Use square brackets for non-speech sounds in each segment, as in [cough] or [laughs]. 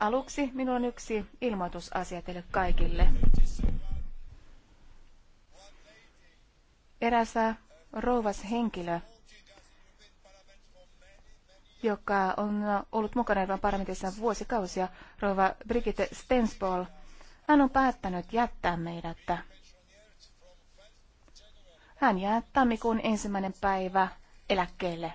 Aluksi minulla on yksi ilmoitusasia teille kaikille. Eräs rouvas henkilö, joka on ollut mukana Euroopan parlamentissa vuosikausia, rouva Brigitte Stensball, hän on päättänyt jättää meidät. Hän jää tammikuun ensimmäinen päivä eläkkeelle.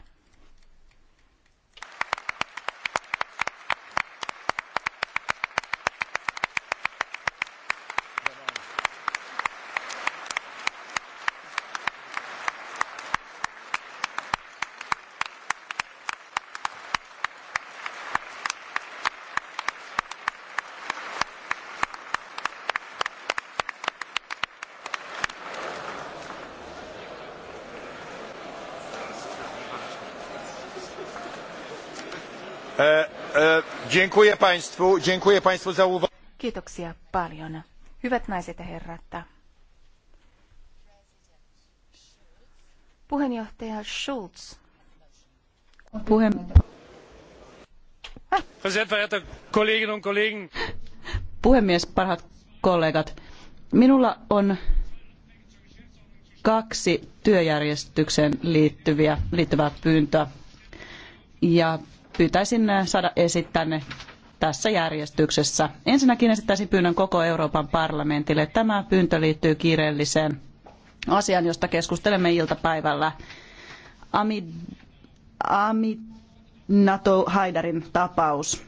E, e, dziękuję Państwu, dziękuję Państwu za uwagę. Kiitoksia paljon. Hyvät naiset ja herrat. Puheenjohtaja Schulz. Puheen... Ah. Puhemies, parhaat kollegat. Minulla on kaksi työjärjestykseen liittyviä, liittyvää pyyntöä. Ja pyytäisin äh, saada esittää ne tässä järjestyksessä. Ensinnäkin esittäisin pyynnön koko Euroopan parlamentille. Tämä pyyntö liittyy kiireelliseen asiaan, josta keskustelemme iltapäivällä. Amid, Amid Nato Haidarin tapaus.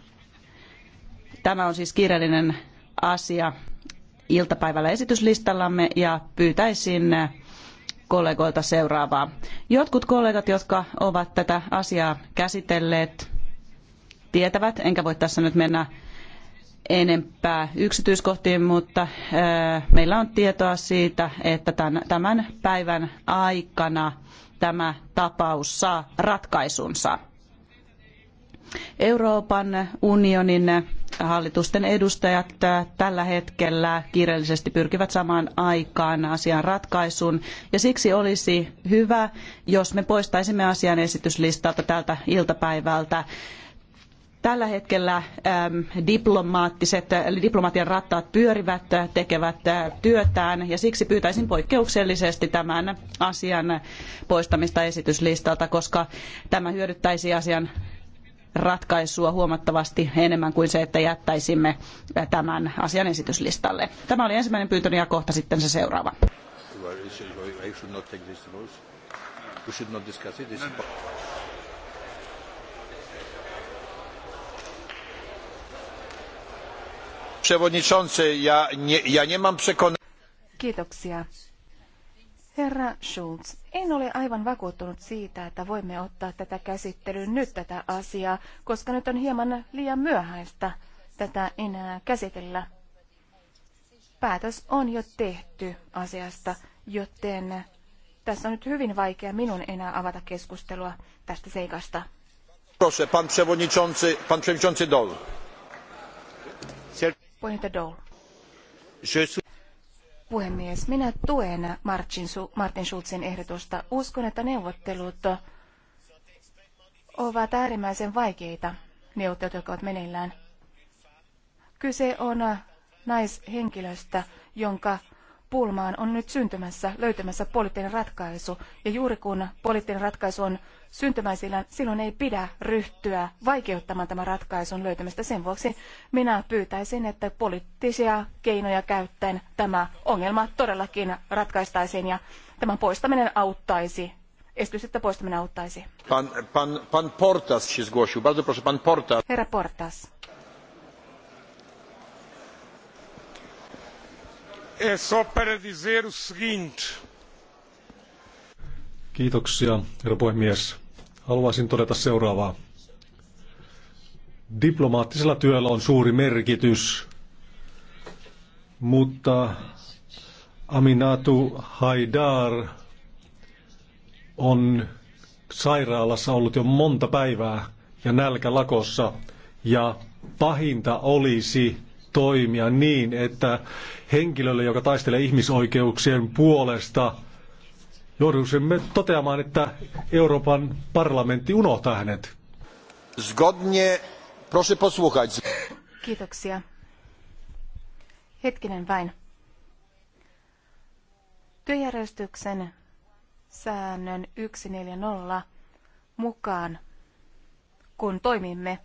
Tämä on siis kiireellinen asia iltapäivällä esityslistallamme ja pyytäisin äh, kollegoilta seuraavaa. Jotkut kollegat, jotka ovat tätä asiaa käsitelleet tietävät, enkä voi tässä nyt mennä enempää yksityiskohtiin, mutta meillä on tietoa siitä, että tämän päivän aikana tämä tapaus saa ratkaisunsa. Euroopan unionin hallitusten edustajat tällä hetkellä kiireellisesti pyrkivät samaan aikaan asian ratkaisun ja siksi olisi hyvä, jos me poistaisimme asian esityslistalta tältä iltapäivältä Tällä hetkellä ähm, diplomaattiset, äh, diplomatian rattaat pyörivät, äh, tekevät äh, työtään ja siksi pyytäisin poikkeuksellisesti tämän asian poistamista esityslistalta, koska tämä hyödyttäisi asian ratkaisua huomattavasti enemmän kuin se, että jättäisimme tämän asian esityslistalle. Tämä oli ensimmäinen pyyntöni ja kohta sitten se seuraava. przewodniczący, ja nie, ja nie mam przekonania. Kiitoksia. Herra Schulz, en ole aivan vakuuttunut siitä, että voimme ottaa tätä käsittelyyn nyt tätä asiaa, koska nyt on hieman liian myöhäistä tätä enää käsitellä. Päätös on jo tehty asiasta, joten tässä on nyt hyvin vaikea minun enää avata keskustelua tästä seikasta. Proszę, pan przewodniczący, pan przewodniczący Dol. Puheenjohtaja Puhemies, minä tuen Martin Schulzin ehdotusta. Uskon, että neuvottelut ovat äärimmäisen vaikeita neuvottelut, jotka ovat meneillään. Kyse on naishenkilöstä, jonka pulmaan on nyt syntymässä, löytämässä poliittinen ratkaisu. Ja juuri kun poliittinen ratkaisu on syntymäisillä, silloin ei pidä ryhtyä vaikeuttamaan tämän ratkaisun löytämistä. Sen vuoksi minä pyytäisin, että poliittisia keinoja käyttäen tämä ongelma todellakin ratkaistaisiin ja tämän poistaminen auttaisi. Esityksettä poistaminen auttaisi. Pan, pan, pan Portas siis Bardzo proszę, pan Portas. Herra Portas. É só para dizer o seguinte. Kiitoksia, herra puhemies. Haluaisin todeta seuraavaa. Diplomaattisella työllä on suuri merkitys, mutta Aminatu Haidar on sairaalassa ollut jo monta päivää ja nälkälakossa. Ja pahinta olisi, toimia niin, että henkilölle, joka taistelee ihmisoikeuksien puolesta, joudumme toteamaan, että Euroopan parlamentti unohtaa hänet. Zgodnie, proszę posłuchać. Kiitoksia. Hetkinen vain. Työjärjestyksen säännön 140 mukaan, kun toimimme,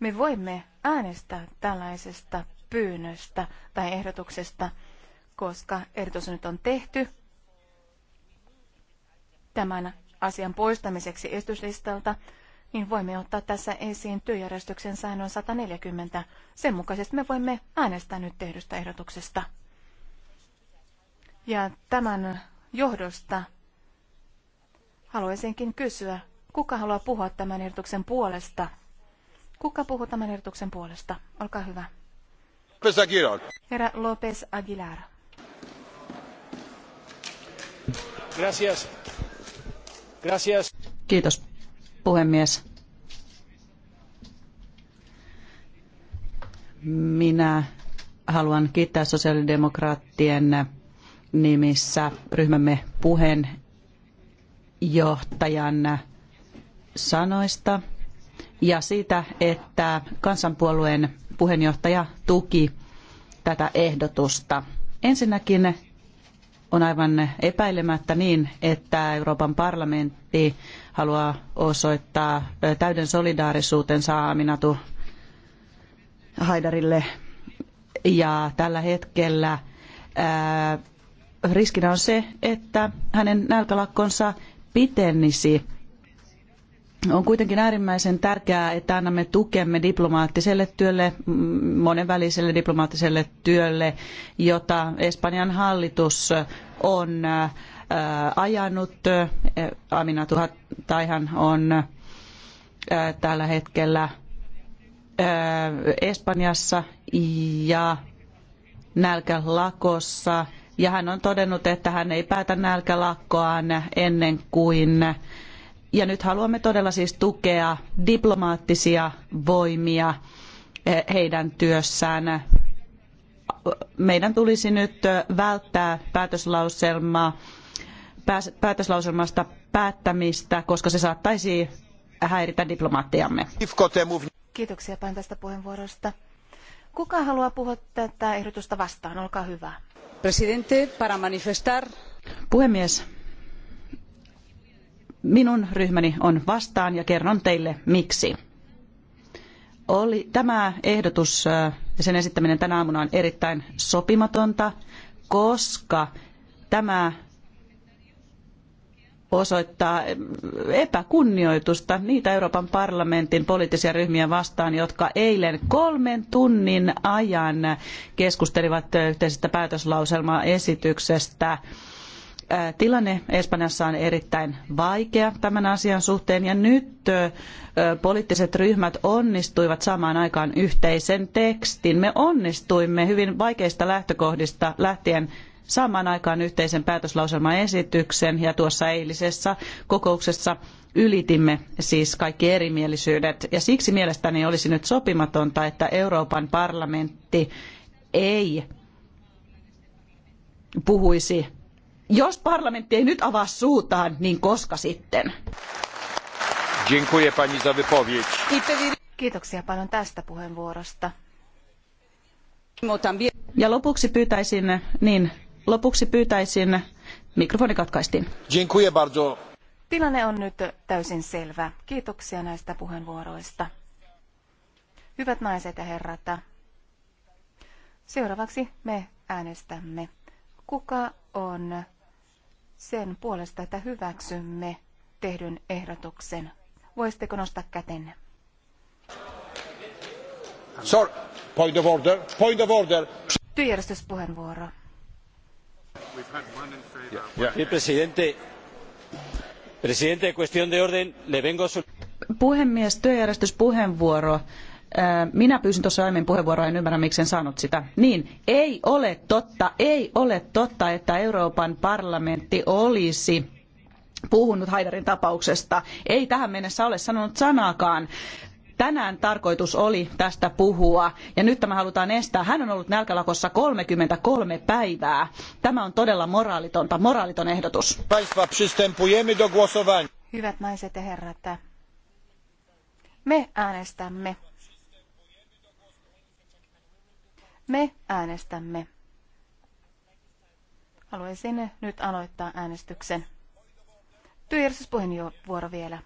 me voimme äänestää tällaisesta pyynnöstä tai ehdotuksesta, koska ehdotus nyt on tehty tämän asian poistamiseksi esityslistalta, niin voimme ottaa tässä esiin työjärjestyksen säännön 140. Sen mukaisesti me voimme äänestää nyt tehdystä ehdotuksesta. Ja tämän johdosta haluaisinkin kysyä, kuka haluaa puhua tämän ehdotuksen puolesta? Kuka puhuu tämän ehdotuksen puolesta? Olkaa hyvä. López Aguilar. López Aguilar. Gracias. Gracias. Kiitos, puhemies. Minä haluan kiittää sosiaalidemokraattien nimissä ryhmämme puheenjohtajan sanoista ja siitä, että kansanpuolueen puheenjohtaja tuki tätä ehdotusta. Ensinnäkin on aivan epäilemättä niin, että Euroopan parlamentti haluaa osoittaa täyden solidaarisuutensa Aminatu Haidarille. Ja tällä hetkellä ää, riskinä on se, että hänen nälkälakkonsa pitenisi on kuitenkin äärimmäisen tärkeää, että annamme tukemme diplomaattiselle työlle, mm, monenväliselle diplomaattiselle työlle, jota Espanjan hallitus on äh, äh, ajanut. Äh, Amina Tuhattaihan on tällä hetkellä Espanjassa ja nälkälakossa. Ja hän on todennut, että hän ei päätä nälkälakkoaan ennen kuin ja nyt haluamme todella siis tukea diplomaattisia voimia eh, heidän työssään. Meidän tulisi nyt välttää päätöslauselmaa, päätöslauselmasta päättämistä, koska se saattaisi häiritä diplomaattiamme. Kiitoksia päin tästä puheenvuorosta. Kuka haluaa puhua tätä ehdotusta vastaan? Olkaa hyvä. Presidente, para manifestar. Puhemies, Minun ryhmäni on vastaan ja kerron teille miksi. Oli, tämä ehdotus ja sen esittäminen tänä aamuna on erittäin sopimatonta, koska tämä osoittaa epäkunnioitusta niitä Euroopan parlamentin poliittisia ryhmiä vastaan, jotka eilen kolmen tunnin ajan keskustelivat yhteisestä päätöslauselmaesityksestä. esityksestä. Äh, tilanne Espanjassa on erittäin vaikea tämän asian suhteen ja nyt äh, poliittiset ryhmät onnistuivat samaan aikaan yhteisen tekstin. Me onnistuimme hyvin vaikeista lähtökohdista lähtien saamaan aikaan yhteisen päätöslauselmaesityksen ja tuossa eilisessä kokouksessa ylitimme siis kaikki erimielisyydet ja siksi mielestäni olisi nyt sopimatonta, että Euroopan parlamentti ei puhuisi jos parlamentti ei nyt avaa suutaan, niin koska sitten? Kiitoksia paljon tästä puheenvuorosta. Ja lopuksi pyytäisin, niin, lopuksi pyytäisin, mikrofoni katkaistiin. Tilanne on nyt täysin selvä. Kiitoksia näistä puheenvuoroista. Hyvät naiset ja herrat, seuraavaksi me äänestämme, kuka on sen puolesta, että hyväksymme tehdyn ehdotuksen. Voisitteko nostaa kätenne? Sorry. Point of order. Point of order. Työjärjestyspuheenvuoro. Presidente, presidente, cuestión de orden, le vengo... Puhemies, työjärjestyspuheenvuoro minä pyysin tuossa aiemmin puheenvuoroa, en ymmärrä miksi en saanut sitä. Niin, ei ole totta, ei ole totta, että Euroopan parlamentti olisi puhunut Haidarin tapauksesta. Ei tähän mennessä ole sanonut sanaakaan tänään tarkoitus oli tästä puhua ja nyt tämä halutaan estää. Hän on ollut nälkälakossa 33 päivää. Tämä on todella moraalitonta, moraaliton ehdotus. Hyvät naiset ja herrat, me äänestämme. Me äänestämme. Haluaisin nyt aloittaa äänestyksen. Työjärjestyspuheenvuoro vielä.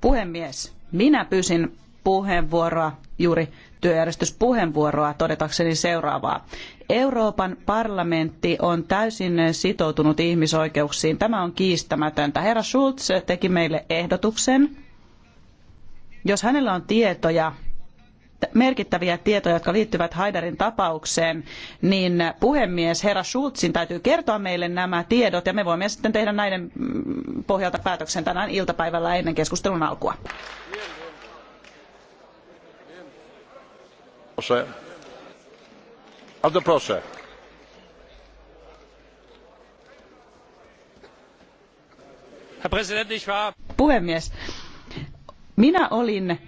Puhemies, minä pyysin puheenvuoroa, juuri työjärjestyspuheenvuoroa, todetakseni seuraavaa. Euroopan parlamentti on täysin sitoutunut ihmisoikeuksiin. Tämä on kiistämätöntä. Herra Schulz teki meille ehdotuksen jos hänellä on tietoja, merkittäviä tietoja, jotka liittyvät Haidarin tapaukseen, niin puhemies herra Schulzin täytyy kertoa meille nämä tiedot ja me voimme sitten tehdä näiden mm, pohjalta päätöksen tänään iltapäivällä ennen keskustelun alkua. puhemies, minä olin,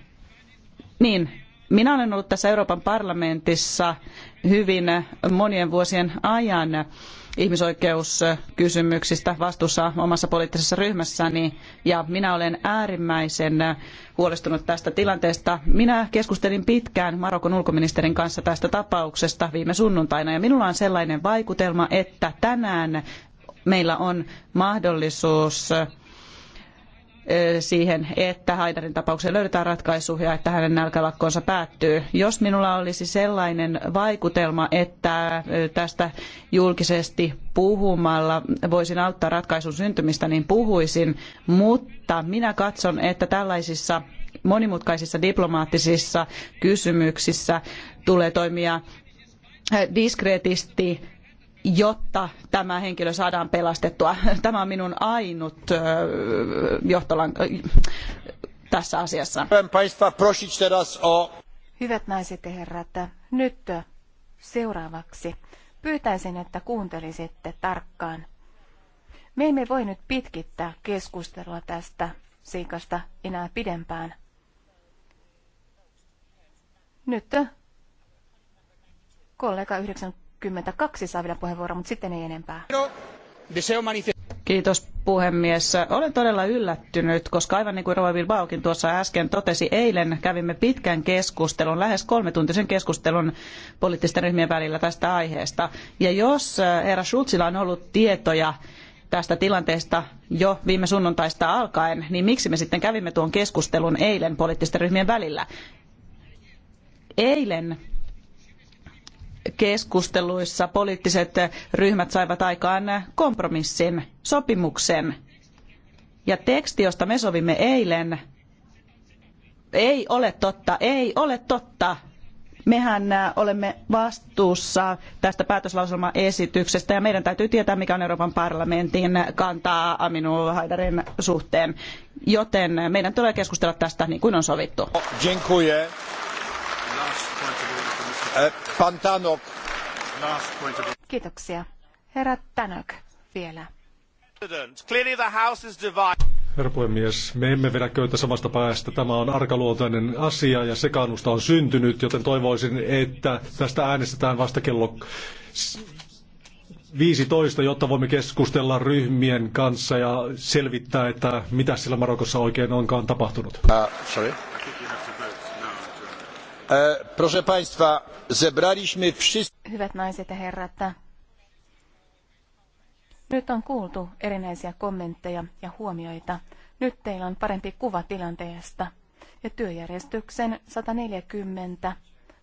niin, minä olen ollut tässä Euroopan parlamentissa hyvin monien vuosien ajan ihmisoikeuskysymyksistä vastuussa omassa poliittisessa ryhmässäni ja minä olen äärimmäisen huolestunut tästä tilanteesta. Minä keskustelin pitkään Marokon ulkoministerin kanssa tästä tapauksesta viime sunnuntaina ja minulla on sellainen vaikutelma, että tänään meillä on mahdollisuus siihen, että Haidarin tapaukseen löydetään ratkaisu ja että hänen nälkälakkonsa päättyy. Jos minulla olisi sellainen vaikutelma, että tästä julkisesti puhumalla voisin auttaa ratkaisun syntymistä, niin puhuisin, mutta minä katson, että tällaisissa monimutkaisissa diplomaattisissa kysymyksissä tulee toimia diskreetisti jotta tämä henkilö saadaan pelastettua. [laughs] Tämä on minun ainut johtolanka tässä asiassa. Hyvät naiset ja herrat, nyt seuraavaksi pyytäisin, että kuuntelisitte tarkkaan. Me emme voi nyt pitkittää keskustelua tästä seikasta enää pidempään. Nyt kollega 92 22 saa vielä mutta sitten ei enempää. Kiitos puhemies. Olen todella yllättynyt, koska aivan niin kuin Rova Bilbaokin tuossa äsken totesi, eilen kävimme pitkän keskustelun, lähes kolmetuntisen keskustelun poliittisten ryhmien välillä tästä aiheesta. Ja jos äh, herra Schulzilla on ollut tietoja tästä tilanteesta jo viime sunnuntaista alkaen, niin miksi me sitten kävimme tuon keskustelun eilen poliittisten ryhmien välillä? Eilen keskusteluissa poliittiset ryhmät saivat aikaan kompromissin, sopimuksen. Ja teksti, josta me sovimme eilen, ei ole totta, ei ole totta. Mehän äh, olemme vastuussa tästä päätöslauselmaesityksestä ja meidän täytyy tietää, mikä on Euroopan parlamentin kantaa Aminu Haidarin suhteen. Joten meidän tulee keskustella tästä niin kuin on sovittu. Eh, pan Tanok. Kiitoksia. Herra Tanok vielä. Herra puhemies, me emme vedä köyttä samasta päästä. Tämä on arkaluontoinen asia ja sekaannusta on syntynyt, joten toivoisin, että tästä äänestetään vasta kello 15, jotta voimme keskustella ryhmien kanssa ja selvittää, että mitä sillä Marokossa oikein onkaan tapahtunut. Uh, sorry. E, Hyvät naiset ja herrat, nyt on kuultu erinäisiä kommentteja ja huomioita. Nyt teillä on parempi kuva tilanteesta. Ja työjärjestyksen 140,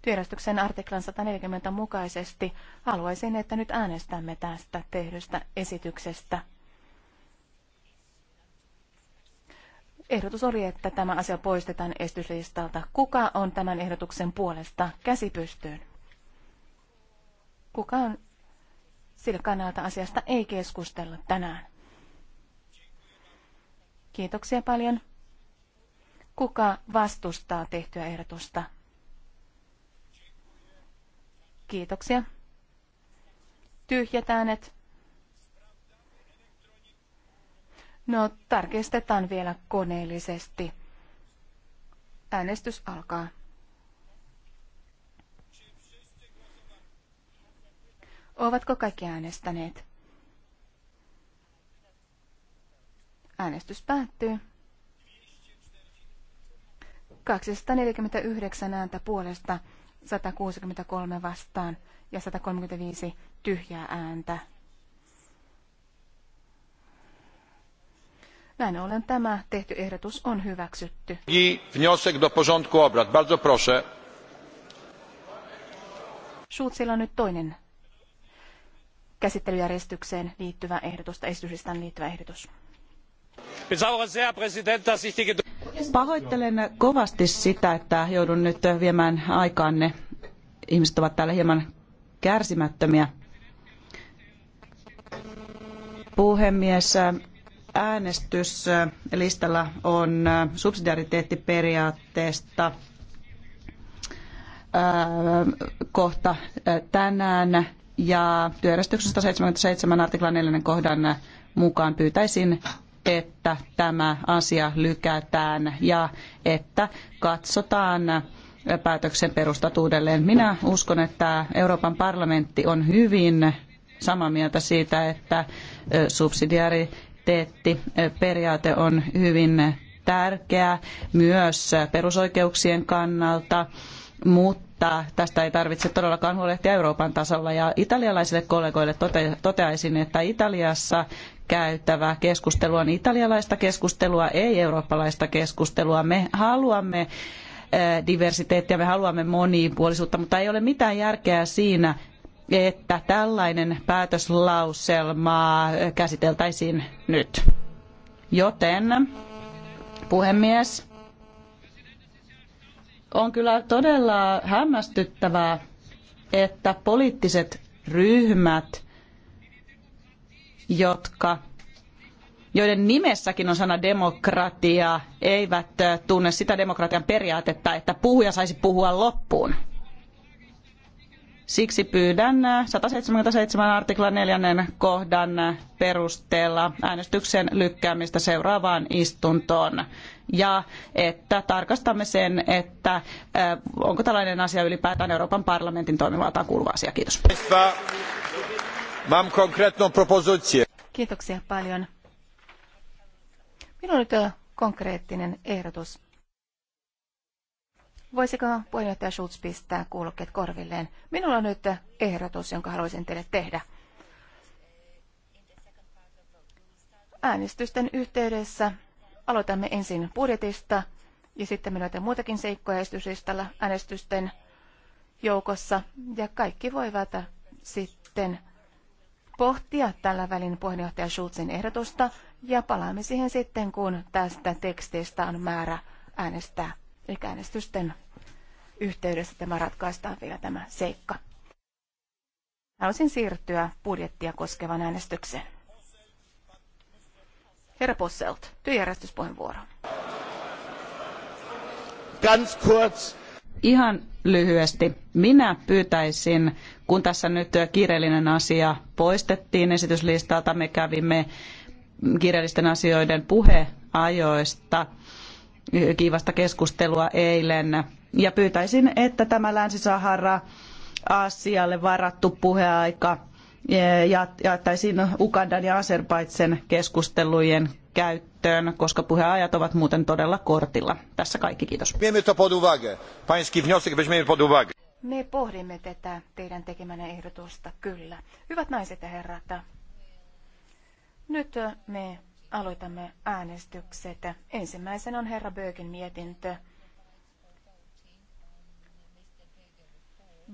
työjärjestyksen artiklan 140 mukaisesti haluaisin, että nyt äänestämme tästä tehdystä esityksestä. Ehdotus oli, että tämä asia poistetaan estyslistalta. Kuka on tämän ehdotuksen puolesta? Käsi pystyyn. Kuka on sillä kannalta asiasta ei keskustella tänään? Kiitoksia paljon. Kuka vastustaa tehtyä ehdotusta? Kiitoksia. Tyhjät äänet. No, tarkistetaan vielä koneellisesti. Äänestys alkaa. Ovatko kaikki äänestäneet? Äänestys päättyy. 249 ääntä puolesta, 163 vastaan ja 135 tyhjää ääntä. Näin ollen tämä tehty ehdotus on hyväksytty. Wniosek do porządku obrad. Bardzo proszę. Schulzilla on nyt toinen käsittelyjärjestykseen liittyvä ehdotus tai esityslistaan liittyvä ehdotus. Pahoittelen kovasti sitä, että joudun nyt viemään aikaanne. Ihmiset ovat täällä hieman kärsimättömiä. Puhemies, äänestyslistalla on äh, subsidiariteettiperiaatteesta äh, kohta äh, tänään ja työjärjestyksestä 77 artiklan 4 kohdan mukaan pyytäisin, että tämä asia lykätään ja että katsotaan päätöksen perustat uudelleen. Minä uskon, että Euroopan parlamentti on hyvin samaa mieltä siitä, että subsidiari subsidiariteettiperiaate on hyvin tärkeä myös perusoikeuksien kannalta, mutta tästä ei tarvitse todellakaan huolehtia Euroopan tasolla. Ja italialaisille kollegoille toteaisin, että Italiassa käytävä keskustelu on italialaista keskustelua, ei eurooppalaista keskustelua. Me haluamme diversiteettiä, me haluamme monipuolisuutta, mutta ei ole mitään järkeä siinä, että tällainen päätöslauselma käsiteltäisiin nyt. Joten, puhemies, on kyllä todella hämmästyttävää, että poliittiset ryhmät, jotka joiden nimessäkin on sana demokratia, eivät tunne sitä demokratian periaatetta, että puhuja saisi puhua loppuun. Siksi pyydän 177 äh, artiklan 4 kohdan äh, perusteella äänestyksen lykkäämistä seuraavaan istuntoon ja että tarkastamme sen, että äh, onko tällainen asia ylipäätään Euroopan parlamentin toimivaltaan kuuluva asia. Kiitos. Kiitoksia paljon. Minulla on konkreettinen ehdotus. Voisiko puheenjohtaja Schultz pistää kuulokkeet korvilleen? Minulla on nyt ehdotus, jonka haluaisin teille tehdä. Äänestysten yhteydessä aloitamme ensin budjetista ja sitten minulla on muitakin seikkoja esityslistalla äänestysten joukossa. Ja kaikki voivat sitten pohtia tällä välin puheenjohtaja Schultzin ehdotusta ja palaamme siihen sitten, kun tästä tekstistä on määrä äänestää. Eli äänestysten yhteydessä tämä ratkaistaan vielä tämä seikka. Haluaisin siirtyä budjettia koskevan äänestykseen. Herra Posselt, työjärjestyspuheenvuoro. Ganz kurz. Ihan lyhyesti. Minä pyytäisin, kun tässä nyt kiireellinen asia poistettiin esityslistalta, me kävimme kiireellisten asioiden puheajoista kiivasta keskustelua eilen. Ja pyytäisin, että tämä Länsi-Sahara asialle varattu puheaika eh, jaettaisiin Ugandan ja Azerbaidsen keskustelujen käyttöön, koska puheajat ovat muuten todella kortilla. Tässä kaikki, kiitos. Me pohdimme tätä teidän tekemänne ehdotusta, kyllä. Hyvät naiset ja herrat, nyt me aloitamme äänestykset. Ensimmäisen on herra Bögen mietintö.